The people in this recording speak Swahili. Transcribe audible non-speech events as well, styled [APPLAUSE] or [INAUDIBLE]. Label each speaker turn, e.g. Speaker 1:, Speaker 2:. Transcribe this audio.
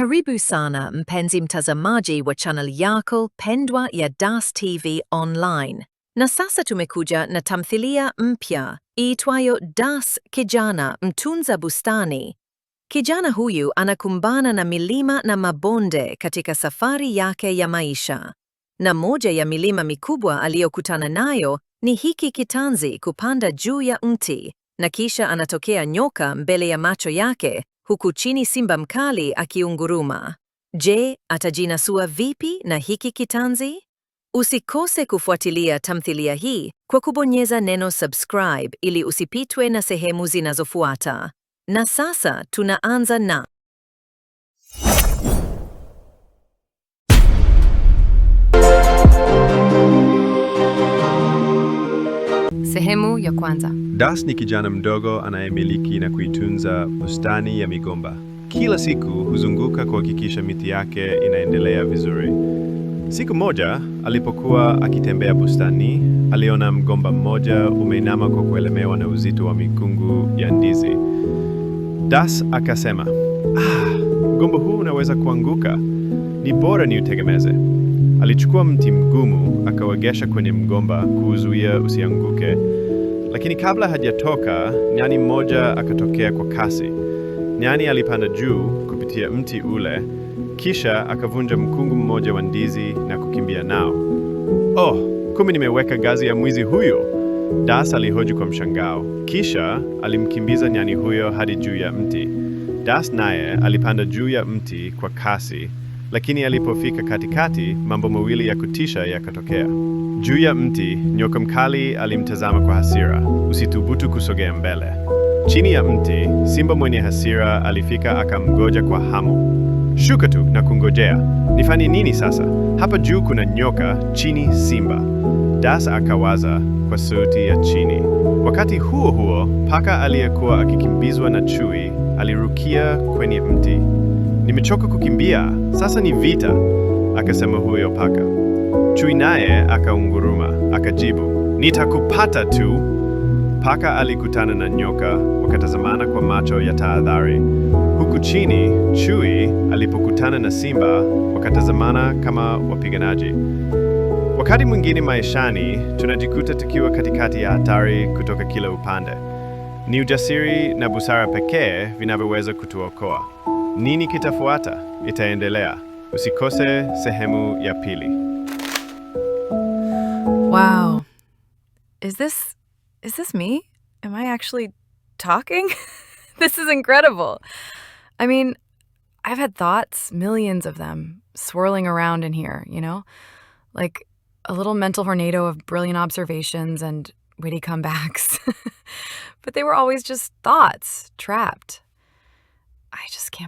Speaker 1: Karibu sana mpenzi mtazamaji wa channel yako pendwa ya Das TV Online, na sasa tumekuja na tamthilia mpya iitwayo Das Kijana Mtunza Bustani. Kijana huyu anakumbana na milima na mabonde katika safari yake ya maisha, na moja ya milima mikubwa aliyokutana nayo ni hiki kitanzi kupanda juu ya mti, na kisha anatokea nyoka mbele ya macho yake huku chini simba mkali akiunguruma. Je, atajinasua vipi na hiki kitanzi? Usikose kufuatilia tamthilia hii kwa kubonyeza neno subscribe ili usipitwe na sehemu zinazofuata. Na sasa tunaanza na
Speaker 2: Sehemu ya kwanza.
Speaker 3: Das ni kijana mdogo anayemiliki na kuitunza bustani ya migomba. Kila siku huzunguka kuhakikisha miti yake inaendelea vizuri. Siku moja alipokuwa akitembea bustani, aliona mgomba mmoja umeinama kwa kuelemewa na uzito wa mikungu ya ndizi. Das akasema, ah, mgomba huu unaweza kuanguka, ni bora niutegemeze. Alichukua mti mgumu akawegesha kwenye mgomba kuuzuia usianguke, lakini kabla hajatoka, nyani mmoja akatokea kwa kasi. Nyani alipanda juu kupitia mti ule, kisha akavunja mkungu mmoja wa ndizi na kukimbia nao. Oh, kumi nimeweka gazi ya mwizi huyo! Das alihoji kwa mshangao, kisha alimkimbiza nyani huyo hadi juu ya mti. Das naye alipanda juu ya mti kwa kasi. Lakini alipofika katikati, mambo mawili ya kutisha yakatokea. Juu ya mti, nyoka mkali alimtazama kwa hasira, usithubutu kusogea mbele. Chini ya mti, simba mwenye hasira alifika, akamgoja kwa hamu. Shuka tu na kungojea, nifanye nini sasa? Hapa juu kuna nyoka, chini simba. Das akawaza kwa sauti ya chini. Wakati huo huo, paka aliyekuwa akikimbizwa na chui alirukia kwenye mti nimechoka kukimbia, sasa ni vita, akasema huyo paka. Chui naye akaunguruma, akajibu, nitakupata tu. Paka alikutana na nyoka, wakatazamana kwa macho ya tahadhari. Huku chini, chui alipokutana na simba, wakatazamana kama wapiganaji. Wakati mwingine maishani tunajikuta tukiwa katikati ya hatari kutoka kila upande. Ni ujasiri na busara pekee vinavyoweza kutuokoa. Nini kitafuata? Itaendelea. Usikose sehemu ya pili.
Speaker 4: Wow. Is this is this me? Am I actually talking? [LAUGHS] This is incredible. I mean, I've had thoughts, millions of them, swirling around in here, you know? Like a little mental tornado of brilliant observations and witty comebacks. [LAUGHS] but they were always just thoughts, trapped. I just can't